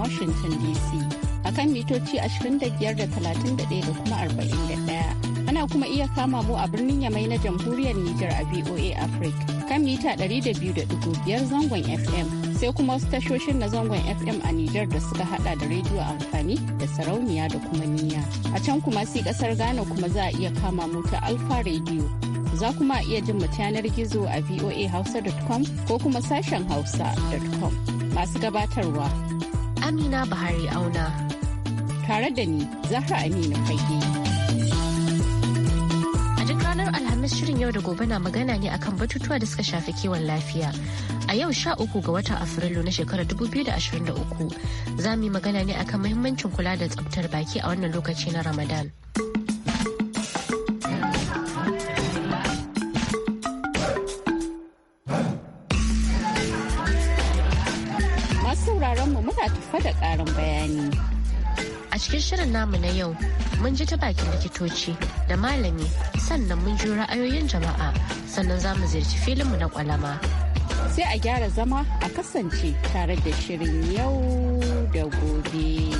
Washington DC akan mitoci 25 da 31 da kuma 41. Ana kuma iya kama mu a birnin Yamai na Jamhuriyar Nijar a VOA Africa kan mita 200.5 zangon FM sai kuma wasu tashoshin na zangon FM a Nijar da suka hada da rediyo amfani da sarauniya da kuma niyya. A can kuma si kasar Ghana kuma za a iya kama mu ta Alfa Radio. za kuma iya jin mu yanar gizo a voahausa.com ko kuma sashen hausa.com masu gabatarwa Amina Bahari Auna. Tare da ni, Zahra Aminu Fage. A duk ranar Alhamis shirin yau da gobe na magana ne akan batutuwa da suka shafi kiwon lafiya. A yau sha uku ga watan Afrilu na shekarar 2023 za mu yi magana ne akan muhimmancin kula da tsabtar baki a wannan lokaci na Ramadan. shirin namu na yau mun ji ta bakin likitoci da malami sannan mun ji ra'ayoyin jama'a sannan za mu ziyarci filinmu na kwalama. Sai a gyara zama a kasance tare da shirin yau da gobe.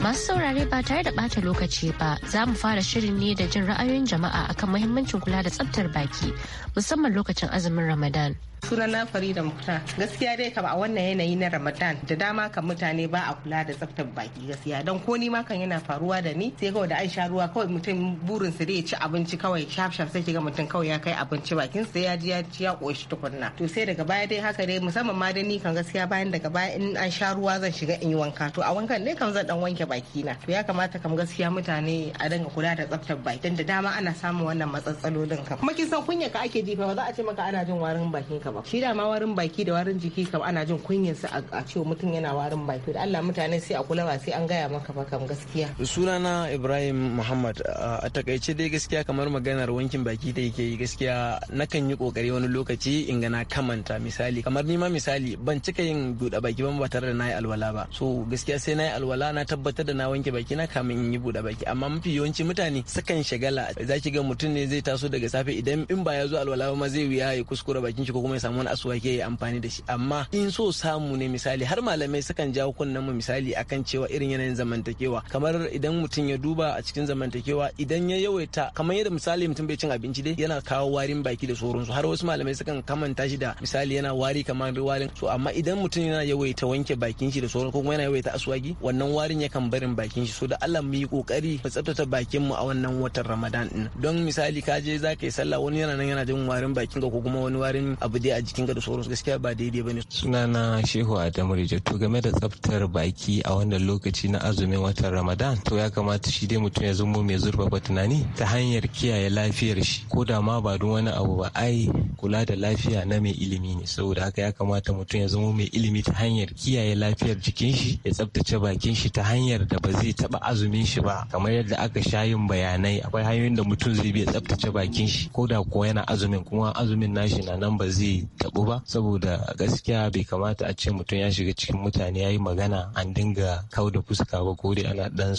masu saurare ba tare da bata lokaci ba za mu fara shirin ne da jin ra'ayoyin jama'a akan muhimmancin kula da tsabtar baki musamman lokacin azumin ramadan sunana farida mukta gaskiya dai kama a wannan yanayi na ramadan da dama kan mutane ba a kula da tsaftar baki gaskiya don ko ni ma kan yana faruwa da ni sai kawai da an sha ruwa kawai mutum burin su dai ci abinci kawai shaf shaf sai kiga mutum kawai ya kai abinci bakin sa ya ji ya ci ya koshi tukunna to sai daga baya dai haka dai musamman ma da ni kan gaskiya bayan daga baya in an sha ruwa zan shiga in yi wanka to a wankan dai kan zan dan wanke baki na to ya kamata kam gaskiya mutane a dinga kula da tsaftar baki don da dama ana samun wannan matsatsalolin kuma kin san kunya ka ake jifa ba za a ce maka ana jin warin bakin ka ba ba shi da ma warin baki da warin jiki kam ana jin kunyin sa a cewa mutum yana warin baki da Allah mutane sai a kula ba sai an gaya maka ba kam gaskiya sunana Ibrahim Muhammad a takaice dai gaskiya kamar maganar wankin baki da yake yi gaskiya nakan yi kokari wani lokaci in gana kamanta misali kamar nima misali ban cika yin buɗe baki ba tare da nayi alwala ba so gaskiya sai nayi alwala na tabbatar da na wanke baki na kamin in yi buɗe baki amma mafi yawanci mutane sukan shagala zaki ga mutum ne zai taso daga safe idan in ba ya zo alwala ba ma zai wuya ya kuskura bakin shi ko kuma ya samu wani ke ya amfani da shi amma in so samu ne misali har malamai sukan jawo kunnen mu misali akan cewa irin yanayin zamantakewa kamar idan mutum ya duba a cikin zamantakewa idan ya yawaita kamar yadda misali mutum bai cin abinci dai yana kawo warin baki da sauransu har wasu malamai sukan kamanta shi da misali yana wari kamar warin so amma idan mutum yana yawaita wanke bakin shi da sauran ko kuma yana yawaita asuwagi wannan warin yakan barin bakin shi so da Allah mu yi kokari mu tsaftace bakin mu a wannan watan Ramadan din don misali ka je zaka yi sallah wani yana nan yana jin warin bakin ka ko kuma wani warin abu dai a jikin gado sauransu gaskiya ba daidai ba ne. sunana shehu adamu to game da tsaftar baki a wannan lokaci na azumin watan ramadan to ya kamata shi dai mutum ya zamo mai zurfafa tunani ta hanyar kiyaye lafiyar shi ko da ma ba don wani abu ba ai kula da lafiya na mai ilimi ne saboda haka ya kamata mutum ya zamo mai ilimi ta hanyar kiyaye lafiyar jikin shi ya tsaftace bakin shi ta hanyar da ba zai taba azumin shi ba kamar yadda aka sha yin bayanai akwai hanyoyin da mutum zai bi ya tsaftace bakin shi ko da kuwa yana azumin kuma azumin nashi na nan ba zai taɓu ba saboda gaskiya bai kamata a ce mutum ya shiga cikin mutane ya yi magana an dinga kau da fuska ba ko dai ana dan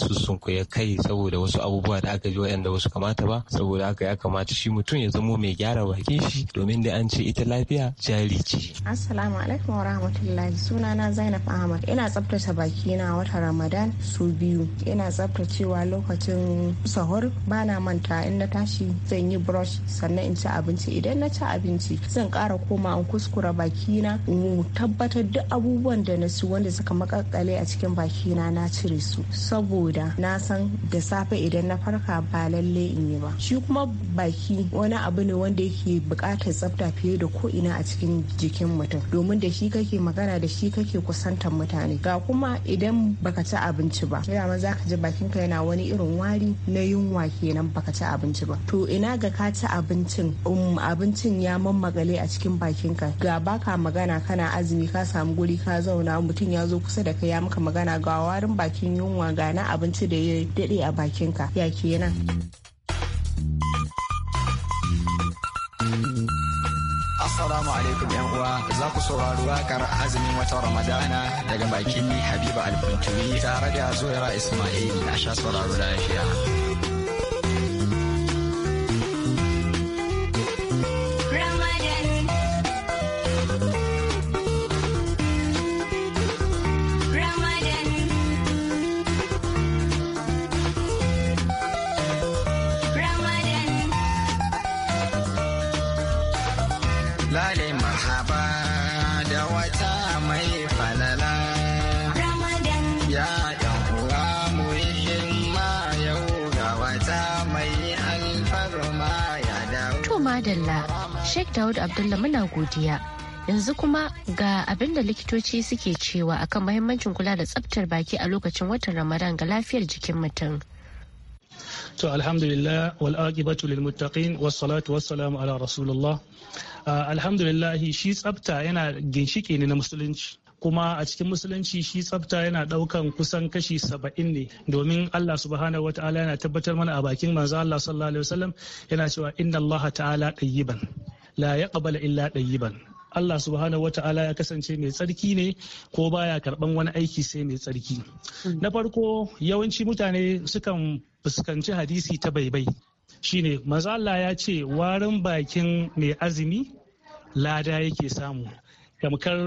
ya kai saboda wasu abubuwa da aka ji waɗanda wasu kamata ba saboda haka ya kamata shi mutum ya zamo mai gyara bakin shi domin da an ce ita lafiya jari ce. Assalamu alaikum wa rahmatullahi sunana Zainab Ahmad ina tsaftace baki na wata Ramadan su biyu ina tsaftacewa lokacin sahur bana manta in na tashi zan yi brush sannan in ci abinci idan na ci abinci zan ƙara koma an kuskura bakina in tabbatar duk abubuwan da na su wanda suka makakale a cikin bakina na cire su saboda na san da safe idan na farka ba lalle in yi ba shi kuma baki wani abu ne wanda yake bukatar tsafta fiye da ko ina a cikin jikin mutum domin da shi kake magana da shi kake kusantar mutane ga kuma idan baka ci abinci ba ma za ka ji bakinka yana wani irin wari na yunwa kenan baka ci abinci ba to ina ga ka ci abincin um, abincin ya mammagale a cikin bakin ka ga baka magana kana azumi ka samu guri ka zauna mutum ya zo kusa da kai ya maka magana ga warin bakin yunwa ga na abinci da ya dade a bakin ka ya kenan. Assalamu alaikum yan uwa za ku saurari wakar azumin wata Ramadana daga bakin Habiba Alfunturi tare da Zuwaira Ismail a sha sauraro lafiya. madalla sheikh daud abdullah muna godiya yanzu kuma ga abin da likitoci suke cewa akan mahimmancin kula da tsabtar baki a lokacin watan ramadan ga lafiyar jikin mutum to alhamdulillah wal aqibatu lil muttaqin was salatu was salamu ala rasulullah ah, alhamdulillah shi tsabta yana ginshike ne na musulunci kuma a cikin musulunci shi tsafta yana daukan kusan kashi saba'in ne domin Allah subhanahu wa ta'ala yana tabbatar mana a bakin manzo Allah sallallahu alaihi wasallam yana cewa inna Allah ta'ala tayyiban la yaqbalu illa tayyiban Allah subhanahu ta'ala ya kasance mai tsarki ne ko baya karban wani aiki sai mai tsarki. Na farko yawanci mutane sukan fuskanci hadisi ta baibai shine maza Allah ya ce warin bakin mai azumi lada yake samu. kamkar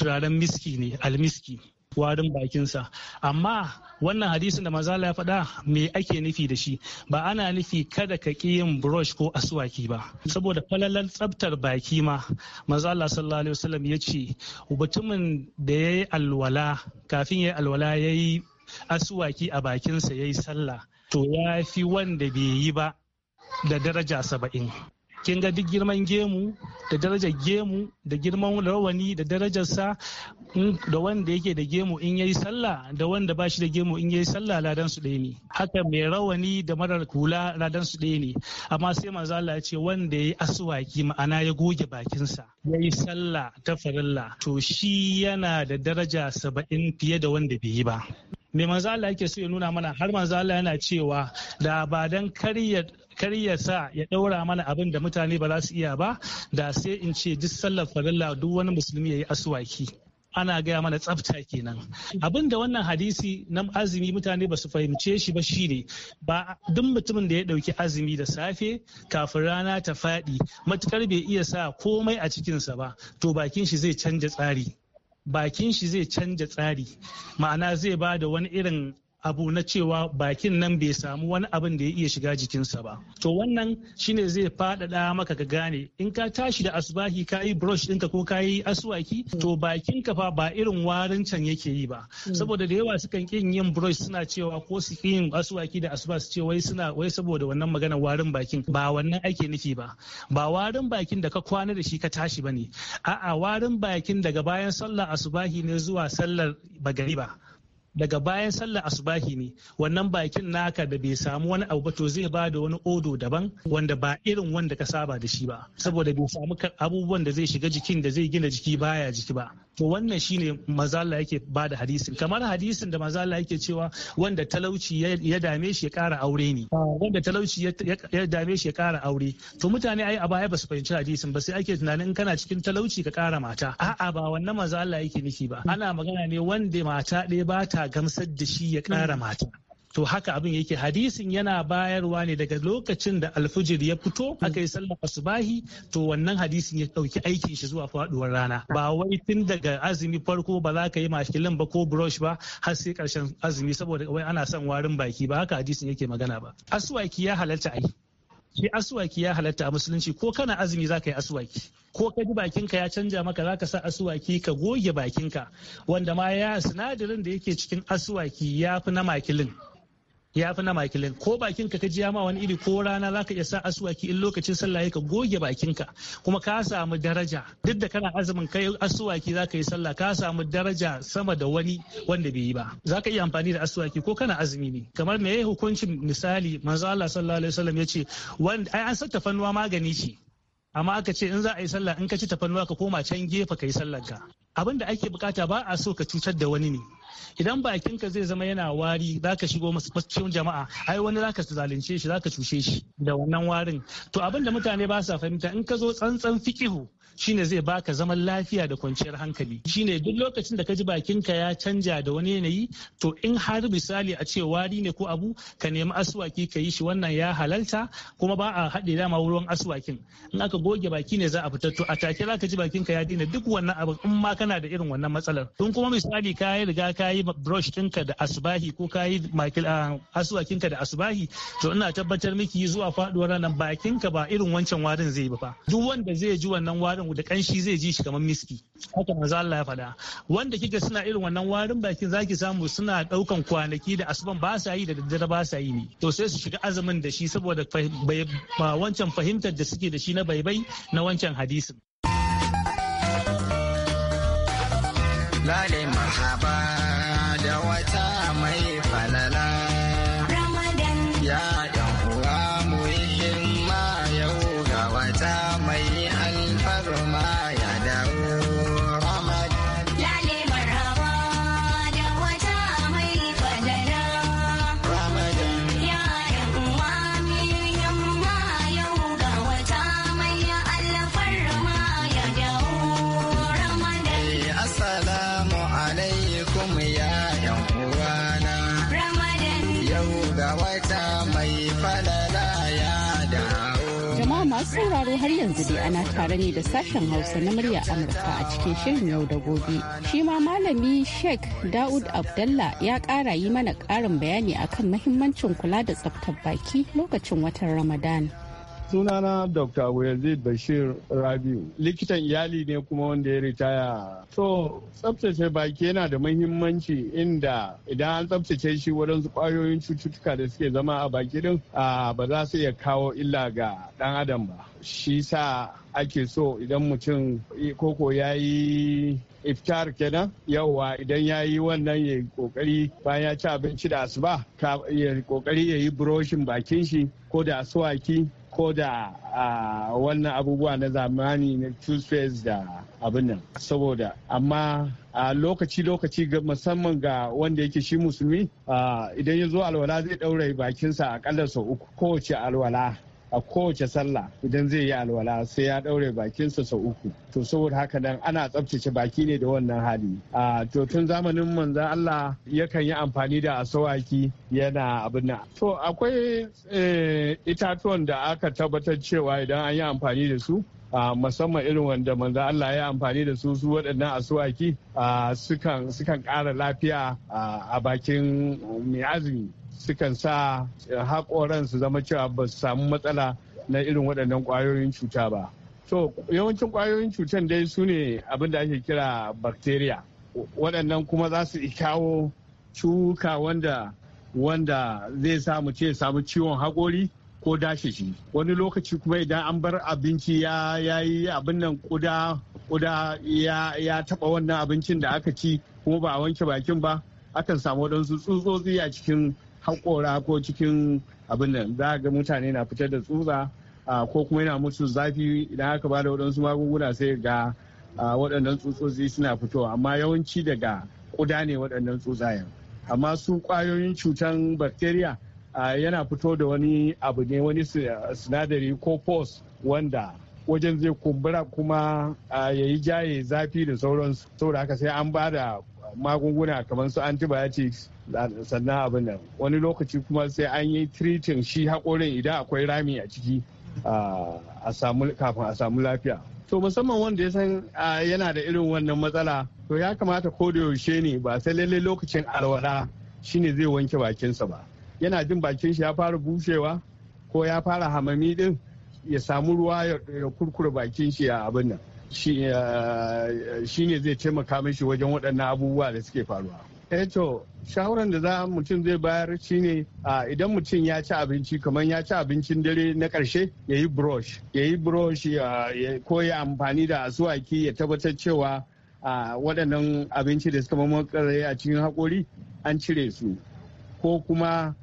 turaren miski ne almiski warin bakinsa amma wannan hadisin da mazala ya faɗa me ake nufi da shi ba ana nufi kada ka ƙi yin brush ko asuwaki ba saboda falalar tsabtar baki ma mazala sallallahu alaihi wasallam ya ce mutumin da ya yi alwala kafin ya yi alwala ya yi aswaki a bakinsa ya yi sallah to ya fi wanda bai yi ba da daraja saba'in kin ga duk girman gemu da darajar gemu da girman rawani da darajarsa da wanda yake da gemu in yayi sallah da wanda ba shi da gemu in yayi sallah ladan su ɗaya ne haka mai rawani da marar kula ladan su ɗaya ne amma sai manzo Allah ya ce wanda yayi aswaki ma'ana ya goge bakinsa yayi sallah ta farilla to shi yana da daraja saba'in fiye da wanda bai yi ba me manzo Allah yake so ya nuna mana har manzo Allah yana cewa da ba dan karya kar ya sa ya ɗaura mana abin da mutane ba za su iya ba da sai in ce duk sallar farilla duk wani musulmi ya yi asuwaki ana gaya mana tsafta kenan abin da wannan hadisi na azumi mutane ba su fahimce shi ba shine ba duk mutumin da ya dauki azumi da safe kafin rana ta faɗi matukar bai iya sa komai a cikinsa ba to bakin shi zai canja tsari bakin shi zai canja tsari ma'ana zai ba da wani irin abu na cewa bakin nan bai samu wani abin da ya iya shiga jikinsa ba to wannan shine zai faɗaɗa maka ka gane in ka tashi da asubahi ka yi brush ɗinka ko ka yi asuwaki. to bakin ka fa ba irin warin can yake yi ba hmm. saboda da yawa sukan kin yin brush suna cewa ko su yin aswaki da asuba su ce wai suna wai saboda wannan magana warin bakin ba wannan ake nufi ba ba warin bakin da ka kwana da shi ka tashi bane a'a warin bakin daga bayan sallar asubahi ne zuwa sallar bagariba daga bayan sallar asubahi ne wannan bakin naka da bai samu wani abu ba to zai ba da wani odo daban wanda ba irin wanda ka saba da shi ba saboda bai samu abubuwan da zai shiga jikin da zai gina jiki baya jiki ba to wannan shine mazala yake ba da hadisin kamar hadisin da mazala yake cewa wanda talauci ya dame shi ya kara aure ne wanda talauci ya dame shi ya kara ah. aure to mutane ai a baya ba su fahimci hadisin ba sai ake tunanin in kana cikin talauci ka kara mata a'a ba wannan mazala yake nufi ba ana magana ne wanda mata ɗaya ba ta ta gamsar da shi ya kara mm. mata to haka abin yake hadisin yana bayarwa ne daga lokacin da alfijir ya fito mm. aka yi sallar asubahi to wannan hadisin ya dauki aikin shi zuwa faduwar rana ba wai tun daga azumi farko ba za ka yi mashikilin ba ko brush ba har sai karshen azumi saboda wai ana son warin baki ba haka hadisin yake magana ba aswaki ya halarta ai shi asuwaki ya halatta a musulunci ko kana azumi za ka yi asuwaki ko ka ji bakinka ya canja maka za ka sa asuwaki ka goge bakinka wanda ma ya sinadarin da yake cikin asuwaki ya fi na makilin ya fi na makilin ko bakin ka ji ma wani iri ko rana za ka iya sa asuwaki in lokacin sallah ka goge bakin ka kuma ka samu daraja duk da kana azumin kai asuwaki za ka yi sallah ka samu daraja sama da wani wanda bai yi ba za ka iya amfani da asuwaki ko kana azumi ne kamar me hukuncin misali manzo Allah sallallahu alaihi wasallam ya ce wanda ai an san tafannuwa magani ce amma aka ce in za a yi sallah in ka ci tafannuwa ka koma can gefe ka yi sallar ka abin da ake bukata ba a so ka cutar da wani ne idan bakinka zai zama yana wari za ka shigo masu jama'a ai wani za ka zalunce shi za ka cushe shi da wannan warin to abin da mutane ba sa fahimta in ka zo tsantsan fikihu shine zai baka zaman lafiya da kwanciyar hankali shine duk lokacin da ka ji bakinka ya canja da wani yanayi to in har misali a ce wari ne ko abu ka nemi aswaki ka yi shi wannan ya halalta kuma ba a haɗe dama wurin aswakin in aka goge baki ne za a fitar to a take za ka ji bakinka ya dina duk wannan abu in ma kana da irin wannan matsalar in kuma misali ka yi riga ka yi brush ɗinka da asubahi. ko ka yi ah, ka da asubahi. to ina tabbatar miki zuwa faɗuwar nan bakinka ba irin wancan warin zai ba duk wanda zai ji wannan warin adam da kanshi zai ji shi kamar miski haka manzo Allah ya faɗa wanda kike suna irin wannan warin bakin zaki samu suna ɗaukan kwanaki da asuban ba sa yi da daddare ba sa yi ne to sai su shiga azumin da shi saboda wancan fahimtar da suke da shi na baibai na wancan hadisin lalai mahaba sauraro har yanzu dai ana tare ne da sashen Hausa na murya Amurka a cikin shirin yau da gobe. Shi ma malami Sheikh Da'ud Abdallah ya kara yi mana karin bayani akan mahimmancin kula da tsaftar baki lokacin watan Ramadan. Sunana Dr. Wazid Bashir Rabiu, likitan iyali ne kuma wanda ya ritaya. So, tsabtace baki yana da mahimmanci inda idan an tsabtace shi waɗansu ƙwayoyin cututtuka da suke zama a baki din ba za su iya kawo illa ga ɗan adam ba. Shi sa ake so idan mutum koko ya yi iftar kenan yauwa idan ya yi wannan ya yi kokari bayan ya ci abinci da asuba ya kokari ya yi buroshin bakin shi ko da asuwaki ko da wannan abubuwa na zamani na two da abin nan saboda amma a lokaci-lokaci musamman ga wanda yake shi musulmi idan ya zo alwala zai ɗaure bakinsa akalla sau uku kowace alwala a kowace sallah idan zai yi alwala sai ya ɗaure bakinsa sau uku to saboda haka nan ana tsabtace baki ne da wannan hali a to tun zamanin manzon Allah yakan yi amfani da asawaki yana abin nan to akwai eh, itatuwan da aka tabbatar cewa idan an yi amfani da su musamman irin wanda manzo Allah ya amfani da su su waɗannan asuwaki sukan sukan ƙara lafiya a bakin mai azumi sukan sa haƙoran su zama cewa ba su samu matsala na irin waɗannan ƙwayoyin cuta ba. To yawancin ƙwayoyin cutan dai su ne abin da ake kira bakteriya waɗannan kuma za su kawo cuka wanda wanda zai samu ce samu ciwon haƙori ko dashe shi wani lokaci kuma idan an bar abinci ya yi abin nan kuda kuda ya ya taba wannan abincin da aka ci kuma ba a wanke bakin ba akan samu waɗansu tsutsotsi a cikin haƙora ko cikin abin nan za ga mutane na fitar da tsutsa ko kuma yana musu zafi idan aka ba da waɗansu magunguna sai ga waɗannan tsutsotsi suna fitowa amma yawanci daga kuda ne waɗannan tsutsayen amma su ƙwayoyin cutan bacteria Ah, yana fito da wani abu ne wani sinadari ko force wanda wajen zai kumbura kuma ah, ya yi jaye zafi da sauransu saboda haka sai an ba da magunguna kamar su antibiotics ah, sannan abin nan wani lokaci kuma sai an yi tiritin shi haƙorin idan akwai rami a ciki kafin a samu lafiya to musamman wanda ya san yana da irin wannan matsala to ya kamata ko da yaushe ne ba sai lallai lokacin alwala shine zai wanke bakinsa ba yana jin bakin shi ya fara bushewa ko ya fara hamami din ya samu ruwa ya kurkure bakin shi a abin nan eh, shi ne zai taimaka mishi wajen waɗannan abubuwa da suke faruwa eto eh shawaran da za mutum zai bayar ne idan mutum ya ci abinci kamar ya ci abincin dare na karshe ya yi brush ya yi brush ko ya amfani da asuwaki ya tabbatar cewa waɗannan abinci da suka mamakare a cikin haƙori an cire su ko kuma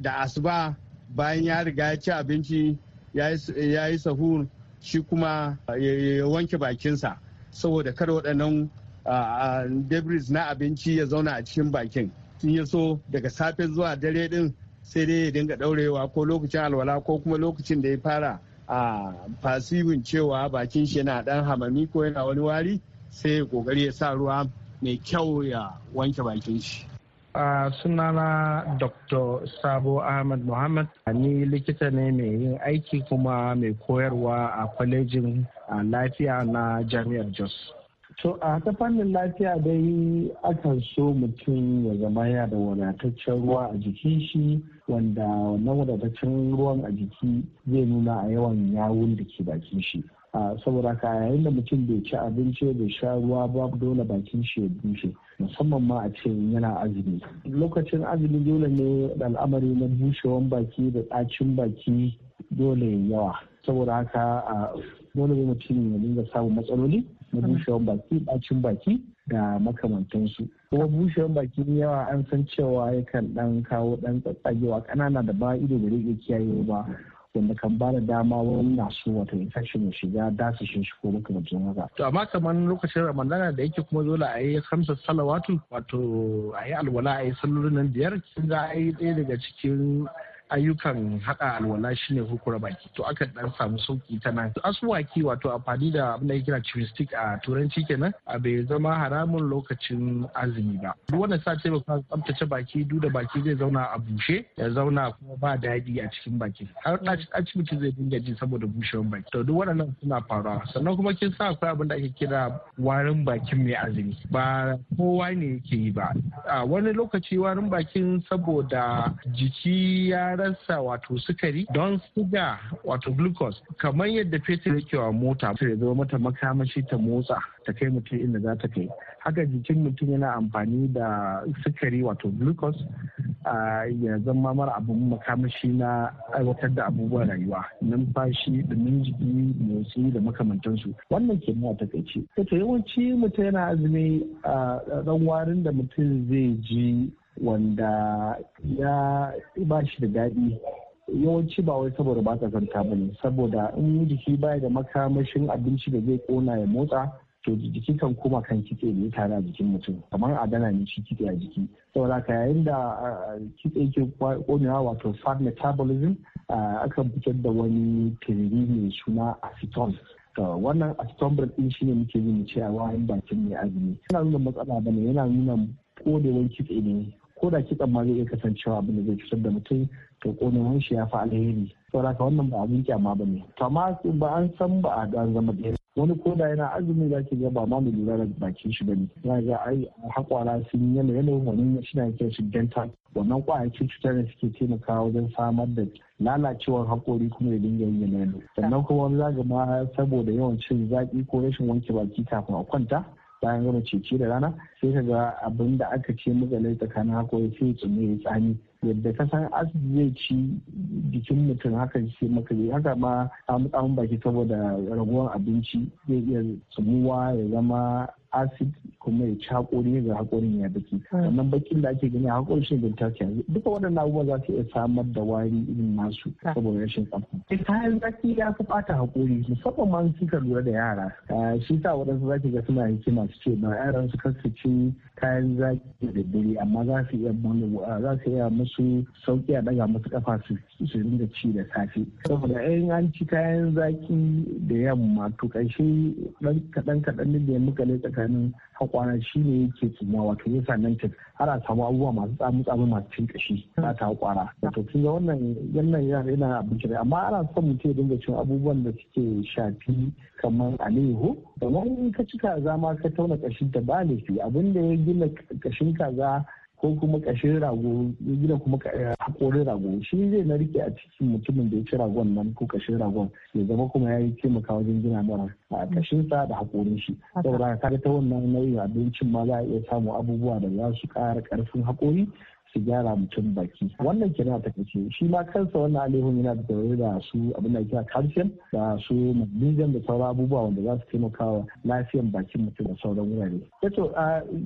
da asuba bayan ya riga ya ci abinci ya yi sahur shi kuma eh, ya wanke bakinsa saboda kada waɗannan debris na abinci ya zauna a cikin bakin sun ya so daga safe zuwa dare din sai dai ya dinga ɗaurewa ko lokacin alwala ko kuma lokacin da ya fara a fasibin cewa bakin shi yana ɗan hamami ko yana wani wari sai ya ƙoƙari ya sa ruwa mai kyau ya wanke bakin shi a sunana dr sabo ahmad muhammad ni likita ne mai yin aiki kuma mai koyarwa a kwalejin lafiya na jami'ar jos to a ta fannin lafiya dai akan so mutum ya zama ya da wadataccen ruwa a jikin shi wanda na wadataccen ruwan a jiki zai nuna a yawan yawun da ke bakin shi saboda ka yayin da mutum bai ci abinci bai sha ruwa ba dole bakin shi ya bushe musamman ma a ce yana azumi lokacin azumi dole ne al'amari na bushewan baki da ɗacin baki dole yawa saboda haka a dole ne mutum ya dinga samun matsaloli na mm-hmm. bushewan baki ɗacin baki da makamantansu kuma bushewan baki yawa an san cewa yakan ɗan kawo dan tsatsagewa ƙanana da ba ido da rike kiyayewa ba wanda kan ba da dama wani na so wato infection ya shiga dasu shi ko jin haka. To amma kamar lokacin Ramadana da yake kuma dole a yi kamsa salawatu wato a yi alwala a yi sallolin nan biyar Sun za a yi ɗaya daga cikin ayyukan haɗa alwala ne hukura baki to aka dan samu sauki ta nan asuwaki wato amfani da abin da kira chopstick a turanci kenan a bai zama haramun lokacin azumi ba duk wanda sa taimaka tsaftace baki duk da baki zai zauna a bushe ya zauna kuma ba daɗi a cikin baki har asibiti zai dinga ji saboda bushewar baki to duk waɗannan suna faruwa sannan kuma kin sa akwai abin da ake kira warin bakin mai azumi ba kowa ne yake yi ba a wani lokaci warin bakin saboda jiki ya sa wato sukari don suga wato glucose kamar yadda fetur yake wa mota ya zama mata makamashi ta motsa ta kai mutum inda za ta kai haka jikin mutum yana amfani da sukari wato glucose ya zama mara abin makamashi na aiwatar da abubuwan rayuwa numfashi dumin jiki motsi da makamantansu wannan ke nuna takaici to yawanci mutum yana azumi a dan warin da mutum zai ji wanda ya ba shi da daɗi yawanci ba wai saboda ba kazanta ba ne saboda in jiki baya da makamashin abinci da zai kona ya motsa to jiki kan koma kan kitse ne tare a jikin mutum kamar a dana ne shi kitse a jiki saboda ka yayin da kitse ke konewa wato fat metabolism akan fitar da wani tiriri mai suna acetone wannan acetone break din shine muke yi yin a wayan bakin mai azumi yana nuna matsala bane yana nuna kodewar kitse ne ko da kitsan ma zai iya kasancewa abin da zai cutar da mutum to ƙonin shi ya fi alheri saboda wannan ba abin kyama ba ne to amma ba an san ba a ga zama da wani ko da yana azumi za ki ga ba ma mu lura da bakin shi bane za ga ai hakwara sun yana yana wani shi na shi dental wannan kwayakin cutar da suke taimakawa wajen samar da lalacewar hakori kuma ya dinga yin yana sannan kuma wani zaga ma saboda yawan cin zaƙi ko rashin wanke baki kafin a kwanta bayan gama ceci da rana sai ka ga abin da aka ce matsalai tsakanin haƙori sai ya tsumi ya tsani yadda ka san zai ci jikin mutum haka sai maka zai haka ma samu baki saboda raguwar abinci zai iya tsumuwa ya zama acid kuma ya cakore ga hakorin ya baki hmm. sannan bakin da ake gani a hakorin shi ganta ke yanzu duka waɗannan abubuwa za su iya samar da wari irin nasu hmm. saboda rashin tsafta kayan zaki ya fi bata hakori musamman ma suka lura da yara ah, shi sa waɗansu zaki ga suna hikima su ce ba yaran su kasu ci kayan zaki da dare amma za su iya ah, za su iya musu sauki a daga musu kafa su su dinga ci da safe saboda in an ci kayan zaki da yamma to ƙarshe kaɗan kaɗan da ya muka ne tsakanin tsakanin hakwana shi ne yake tsinuwa wato nan sanantin ana samu abubuwa masu tsamu tsamu masu cin kashi na ta hakwara wato kin ga wannan yannan yana abinci ne amma ana son mutum ya dinga cin abubuwan da suke shafi kamar alehu da wani ka ci kaza ma ka tauna kashin ta ba laifi abin da ya gina kashin kaza ko kuma kashin rago gina kuma eh, hakorin rago shi zai na rike a cikin mutumin da ya ci ragon nan ko kashin ragon ya zama kuma ya yi taimaka wajen gina mara a kashin sa da hakorin shi saboda haka ta wannan nau'in abincin ma za a iya samu abubuwa da za su ƙara ƙarfin hakori su gyara mutum baki wannan kenan ta takaice shi ma kansa wannan alihun yana da tare da su abin da kira calcium da su magnesium da sauran abubuwa wanda za su taimaka wa lafiyan bakin mutum da sauran wurare yato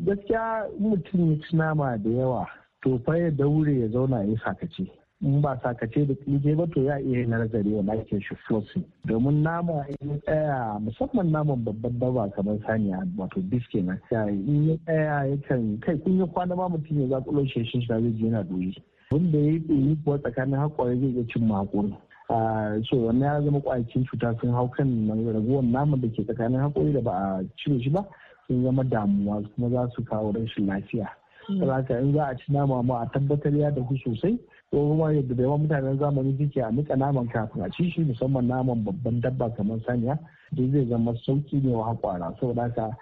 gaskiya mutum ya ci nama da yawa to fa ya daure ya zauna ya sakace in ba sakace da tsinke ba to ya iya nazari wa ake shi fosi domin nama in tsaya musamman naman babban ba kamar saniya wato na tsaye in ya tsaya yakan kai kun yi kwana ma mutum ya zakulo shi shi zai yana doyi da ya yi kuwa tsakanin haƙwari zai iya cin makon so wannan ya zama kwayakin cuta sun hau kan raguwar naman da ke tsakanin haƙori da ba a cire shi ba sun zama damuwa kuma za su kawo rashin lafiya. Hmm. Saboda in za a ci nama ma a tabbatar ya dahu sosai so kuma yadda da yawan mutanen zamani suke a nika naman kafin a ci shi musamman naman babban dabba kamar saniya duk zai zama sauki ne wa hakwara saboda haka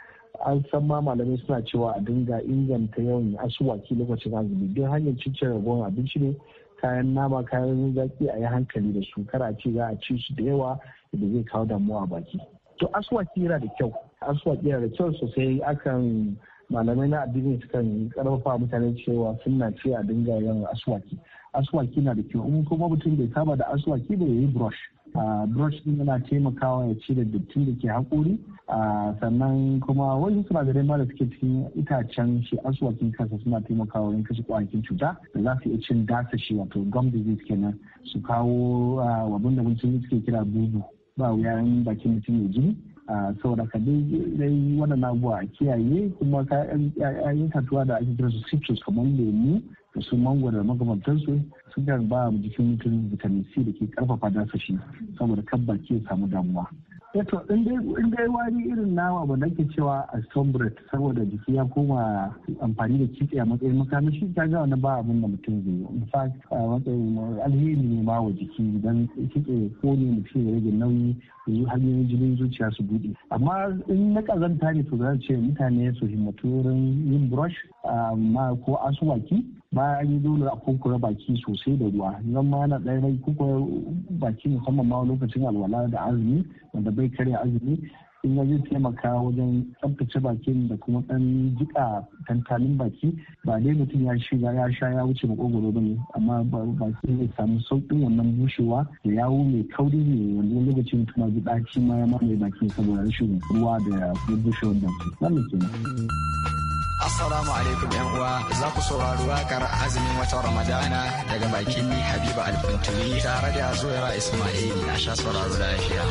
an san ma malamai suna cewa a dinga inganta yawan asuwaki lokacin azumi don hanyar cice ragowar abinci ne kayan nama kayan zaki a yi hankali da su kar a ce za a ci su da yawa da zai kawo damuwa a baki to asuwaki yana da kyau asuwaki yana da kyau sosai akan malamai na addini sukan karfafa mutane cewa suna ce a dinga yawan asuwaki aswaki na da kyau in kuma mutum bai saba da aswaki ba ya yi brush ah, brush din yana taimakawa ya cire dattin da ke haƙori ah, sannan kuma wasu sinadarai ma da suke cikin itacen shi aswakin kansa suna taimakawa wurin kashe kwayoyin cuta da za su iya cin dasa shi wato gum disease kenan su kawo ah, abin da mutum suke kira bubu ba wuyan bakin mutum ya jini saboda ka dai waɗannan abubuwa kiyaye kuma 'ya'yan itatuwa da ake kira su citrus kamar lemu su mangwaro da makamantansu sukan ba jikin mutum vitamin c da ke karfafa dasashi saboda kan baki ya samu damuwa eto eh in dai wani irin nawa ba nake cewa a sombret saboda jiki ya koma amfani da kitse a matsayin makamashi ta ga wani ba abin da mutum zai yi in fact a matsayin alheri ne ba wa jiki don kitse ko ne mutum ya rage nauyi yi hanyoyin jinin zuciya su buɗe amma in na kazanta ne to zan ce mutane su himmatu wurin yin brush amma ah, ko asuwaki bayan an yi dole a kurkure baki sosai da ruwa nan ma yana ɗaya mai baki musamman ma lokacin alwala da azumi wanda bai karya azumi in zai taimaka wajen tsabtace bakin da kuma ɗan jiƙa tantalin baki ba dai mutum ya shiga ya sha ya wuce makogoro ba ne amma baki zai samu sauƙin wannan bushewa da yawo mai kauri ne wanda wani lokaci mutum ma ɗaci ma ya mamaye bakin saboda rashin ruwa da kuma bushewar baki. Wannan Assalamu alaikum yan uwa za ku saurari wakar azumin watan Ramadana daga bakin ni Habiba Alfuntuli tare da Zuwaira Ismail a sha sauraro lafiya.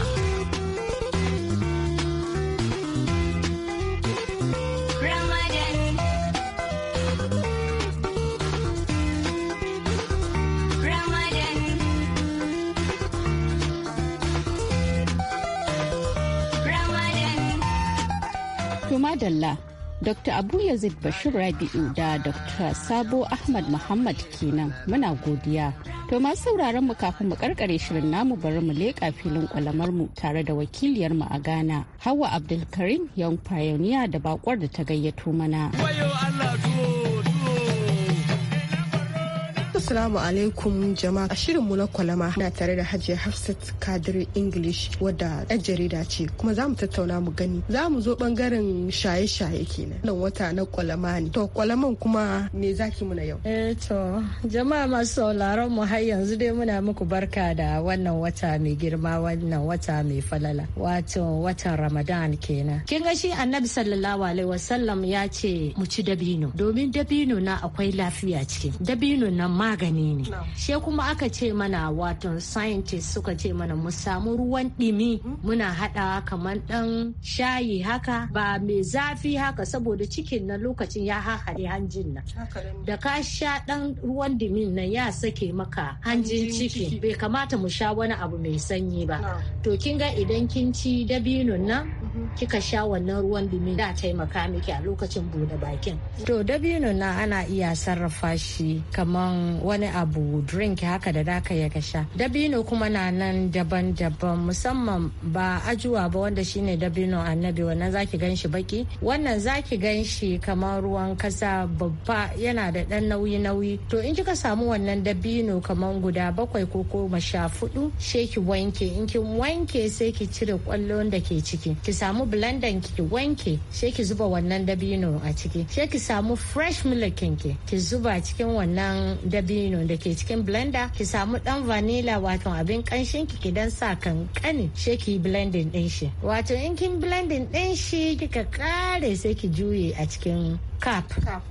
Tuma Dalla Dr. Abu Yazid Bashir Rabi'u da Dr. Sabo Ahmad Muhammad kenan muna godiya. To masu sauraron mu kafin mu karkare shirin namu bari mu leƙa filin kwalamar mu tare da wakiliyar mu a Ghana, Hawa Abdulkarim Young Pioneer da bakwar da ta gayyato mana. Assalamu alaikum jama'a shirin mu na kwalama na tare da Hajiya Hafsat Kadir English wadda yar jarida ce kuma za mu tattauna mu gani za mu zo bangaren shaye-shaye kenan nan wata na kwalama ne to kwalaman kuma me zaki muna yau eh to jama'a masu sauraron mu har yanzu dai muna muku barka da wannan wata mai girma wannan wata mai falala wato watan Ramadan kenan kin ga shi Annabi sallallahu alaihi wasallam ya ce mu ci dabino domin dabino na akwai lafiya cikin dabino na ma magani ne she kuma aka ce mana wato scientists suka ce mana mu samu ruwan ɗimi hmm? muna haɗawa kamar ɗan shayi haka ba mai zafi haka saboda cikin na lokacin ya hahare hanjin nan da ka sha ɗan ruwan ɗimin na ya sake maka hanjin ciki bai kamata mu sha wani abu mai sanyi ba to kin ga idan kin ci dabinun nan mm-hmm. kika sha wannan ruwan dimi da taimaka miki a lokacin bude bakin. Mm. To dabino na ana iya sarrafa shi kamar. wani abu drink haka da daka ya sha dabino kuma na nan daban-daban musamman ba ajuwa ba wanda shine dabino annabi wannan zaki gan shi baki wannan zaki gan shi kamar ruwan kasa babba yana da dan nauyi-nauyi to in kika samu wannan dabino kamar guda bakwai ko goma sha fudu sheki ki wanke in kin wanke sai ki cire kwallon da ke ciki ki samu blender ki wanke sheki ki zuba wannan dabino a ciki sheki ki samu fresh milk ki ki zuba cikin wannan dabino albino da ke cikin blender ki samu dan vanilla wato abin kanshin ki dan sa kan she ki blending din shi wato in kin blending din shi kika kare sai ki juye a cikin cup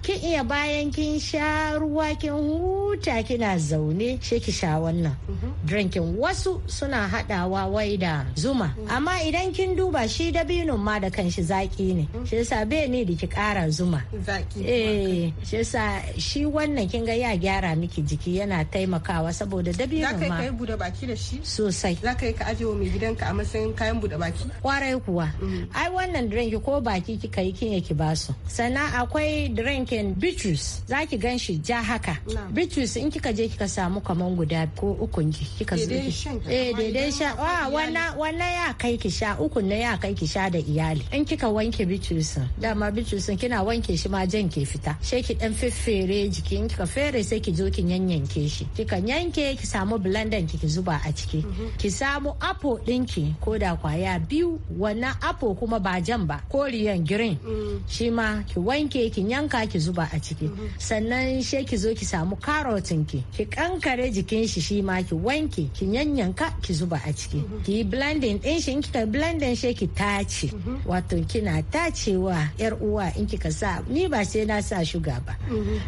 ki iya bayan kin sha ruwa kin huta kina zaune she ki sha wannan mhm. drinkin wasu suna hadawa wai da zuma mhm. amma idan kin duba shi dabino ma da kanshi zaki ne mhm. shi yasa bai ne da ki kara zuma zaki eh shi yasa shi wannan kin ga ya gyara miki miki jiki yana taimakawa saboda dabino ma. Za ka yi bude baki da shi? Sosai. Za ka yi ka ajiye wa mai gidanka a matsayin kayan bude baki? Kwarai kuwa. Mm. Ai wannan drink ko baki kika yi kin ki basu. Sannan akwai drinkin bitrus za ki gan shi ja haka. Bitrus in kika je kika samu kaman guda ko uku ki kika zuki. Eh daidai sha. Ah, wannan wannan ya kai ki sha uku na ya kai ki sha da iyali. In kika wanke bitrus dama bitrus kina wanke shi ma jan ke fita. Sai ki dan jiki jikin kika fere sai ki zo ki ki yanyanke shi kika yanke ki samu blender ki zuba a ciki mhm. ki samu apo ɗinki ko da kwaya biyu wannan apo kuma ba jan ba koriyan green mm. shi ma ki wanke ki yanka ki zuba a ciki mhm. sannan she ki zo ki samu karotin ki ki kankare jikin shi shi ma ki wanke ki yanyanka ki zuba a ciki mhm. ki yi blending din shi in kika blending she ki tace wato kina tacewa yar uwa in kika sa ni ba sai na sa shuga ba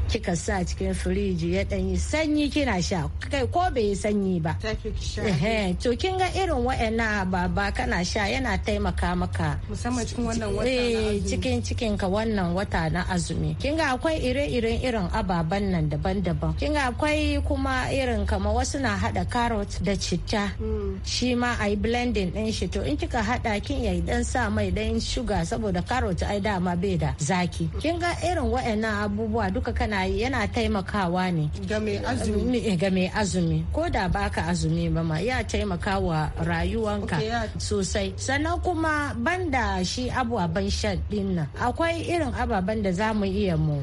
kika sa cikin firiji ya dan sanyi sanyi kina sha kai ko bai yi sanyi ba to kin ga irin wa'annan ababa kana sha yana taimaka maka musamman cikin wannan wata na eh, cikin cikin ka wannan wata na azumi kin ga akwai ire-iren irin ababan nan daban-daban kin ga akwai kuma irin kama wasu na hada carrot da citta hmm. shi ma ai blending din shi to in kika hada kin yayi dan sa mai dan shuga saboda carrot ai dama bai da zaki kin ga irin wa'annan abubuwa duka kana yi yana taimakawa ne ga mai azumi eh, ga mai azumi ko da baka azumi ba ma ya taimaka wa rayuwanka sosai sannan kuma banda shi ababen shan din nan akwai irin ababen da za mu iya mu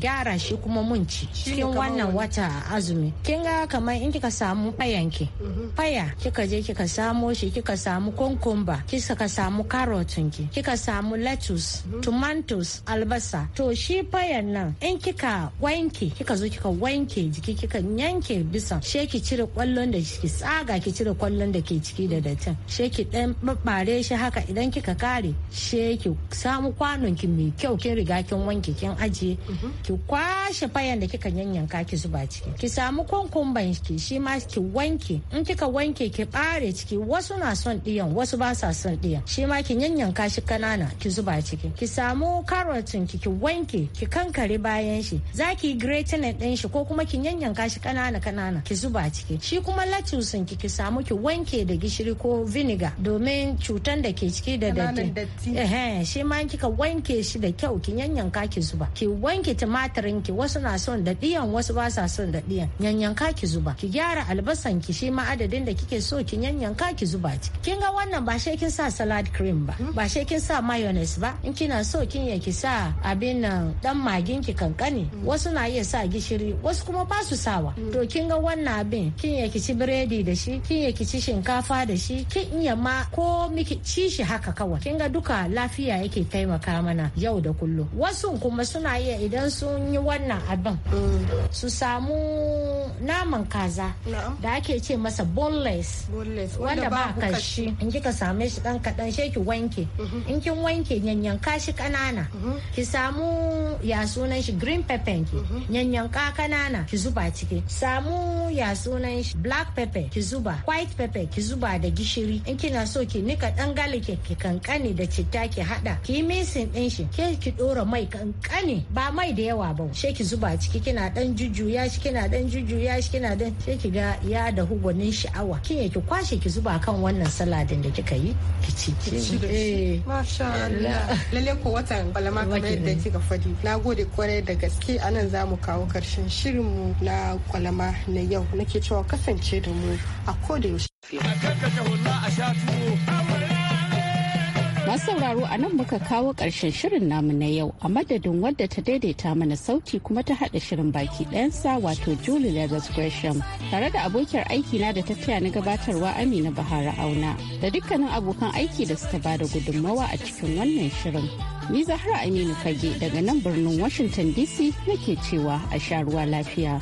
gyara shi kuma mun ci cikin wannan wata azumi kin ga kamar in kika samu fayanki mhm. faya kika je kika samo shi kika samu kunkumba kika samu karotin ki kika samu lettuce mhm. tomatoes albasa to shi fayan nan in kika wanke kika zo kika wanke yanke jiki kika yanke bisa sheki cire kwallon da ciki tsaga ki cire kwallon da ke ciki da datin sheki ki dan babbare shi haka idan kika kare sheki samu kwanon ki mai kyau kin riga kin wanke kin ajiye mhm. ki kwashe fayan da kika yanyanka ki zuba ciki ki samu kunkumban ki shi ma ki wanke in kika wanke ki bare ciki wasu na son diyan wasu ba sa son diyan shi ma ki yanyanka shi kanana ki zuba ciki ki samu karotin ki ki wanke ki kankare bayan shi zaki gratinet din shi ko kuma ki yanyanka shi kanana kanana ki zuba ciki shi kuma latusin ki ki samu ki wanke da gishiri ko vinegar domin cutan da ke ciki da datti eh shi ma kika wanke shi da kyau ki yanyanka ki zuba ki wanke tumatirin ki wasu na son da diyan wasu ba sa son da diyan yanyanka ki zuba ki gyara albasan ki shi ma adadin da kike so ki yanyanka ki zuba ciki kin ga wannan ba shi kin sa salad cream ba ba shi kin sa mayonnaise ba in kina so kin ya ki sa abin nan dan magin ki kankane wasu na iya sa gishiri wasu kuma ba su sawa to kin ga wannan abin kin ya kici biredi da shi kin ya kici shinkafa da shi kin iya ma ko miki ci shi haka kawai kin ga duka lafiya yake taimaka mana yau da kullum wasu kuma suna iya idan sun yi wannan abin su samu naman kaza da ake ce masa boneless wanda ba kashi in kika same shi dan kadan sai ki wanke mhm. in kin wanke yanyanka shi kanana mhm. ki samu ya sunan shi green pepper ki mhm. yanyanka kanana banana ki zuba ciki samu ya sunan shi black pepper ki zuba white pepper ki zuba da gishiri in kina so ki nika dan galike ki kankane da citta ki hada ki yi din shi ke ki dora mai kankane ba mai da yawa ba she ki zuba ciki kina dan jujjuya shi kina dan jujjuya shi kina dan she ki ga ya da hugunin sha'awa kin ki kwashe ki zuba kan wannan saladin da kika yi ki ci ki ci eh. masha Allah lalle ko watan balama kamar yadda kika fadi nagode kwarai da gaske anan zamu kawo karshen shirin mu na kwalama na yau nake cewa kasance da mu a koda yaushe. Masu sauraro a nan muka kawo ƙarshen shirin namu na yau a madadin wadda ta daidaita mana sauti kuma ta haɗa shirin baki ɗayansa wato Julie Lagos Gresham tare da abokiyar aiki na da ta taya na gabatarwa Amina Bahara Auna da dukkanin abokan aiki da suka bada gudunmawa a cikin wannan shirin. Ni Zahra Aminu Fage daga nan birnin Washington DC nake cewa a sha ruwa lafiya.